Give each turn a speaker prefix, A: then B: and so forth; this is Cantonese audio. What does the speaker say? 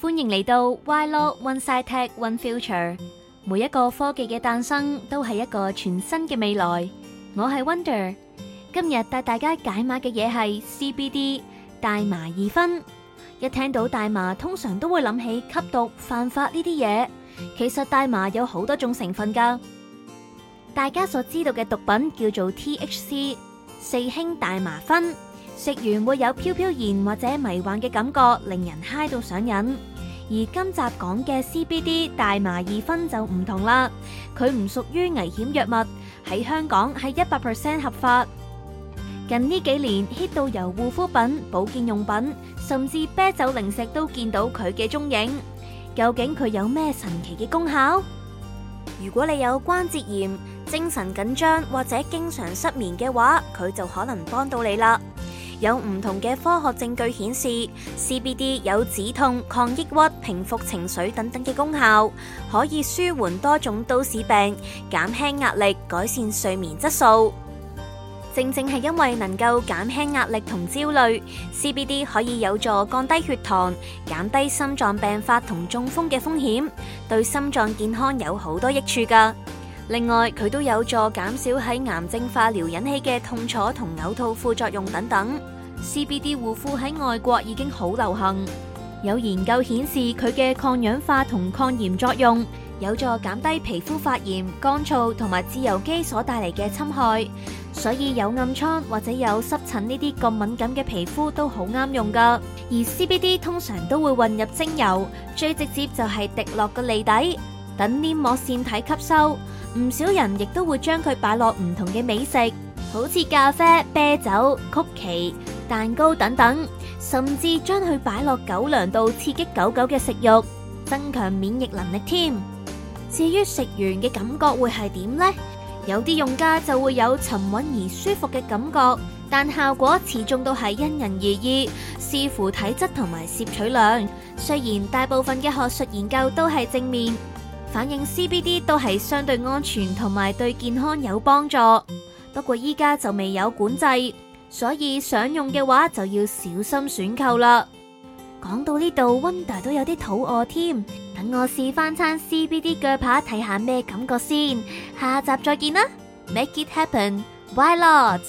A: 歡迎嚟到 YLO One Tech One Future，每一個科技嘅誕生都係一個全新嘅未來。我係 Wonder，今日帶大家解碼嘅嘢係 CBD 大麻二酚。一聽到大麻，通常都會諗起吸毒犯法呢啲嘢。其實大麻有好多種成分㗎，大家所知道嘅毒品叫做 THC 四氫大麻酚。食完會有飄飄然或者迷幻嘅感覺，令人 high 到上癮。而今集講嘅 CBD 大麻二酚就唔同啦，佢唔屬於危險藥物，喺香港係一百 percent 合法。近呢幾年 hit 到由護膚品、保健用品，甚至啤酒零食都見到佢嘅蹤影。究竟佢有咩神奇嘅功效？如果你有關節炎、精神緊張或者經常失眠嘅話，佢就可能幫到你啦。有唔同嘅科學證據顯示，CBD 有止痛、抗抑鬱、平復情緒等等嘅功效，可以舒緩多種都市病，減輕壓力，改善睡眠質素。正正係因為能夠減輕壓力同焦慮，CBD 可以有助降低血糖，減低心臟病發同中風嘅風險，對心臟健康有好多益處㗎。另外，佢都有助減少喺癌症化療引起嘅痛楚同嘔吐副作用等等。CBD 護膚喺外國已經好流行，有研究顯示佢嘅抗氧化同抗炎作用有助減低皮膚發炎、乾燥同埋自由基所帶嚟嘅侵害。所以有暗瘡或者有濕疹呢啲咁敏感嘅皮膚都好啱用㗎。而 CBD 通常都會混入精油，最直接就係滴落個脷底，等黏膜腺體吸收。唔少人亦都會將佢擺落唔同嘅美食，好似咖啡、啤酒、曲奇、蛋糕等等，甚至將佢擺落狗糧度刺激狗狗嘅食慾，增強免疫能力添。至於食完嘅感覺會係點呢？有啲用家就會有沉穩而舒服嘅感覺，但效果始終都係因人而異，視乎體質同埋攝取量。雖然大部分嘅學術研究都係正面。反映 CBD 都係相對安全同埋對健康有幫助，不過依家就未有管制，所以想用嘅話就要小心選購啦。講到呢度，Wonder 都有啲肚餓添，等我試翻餐 CBD 鋸扒睇下咩感覺先。下集再見啦，Make it happen，why not。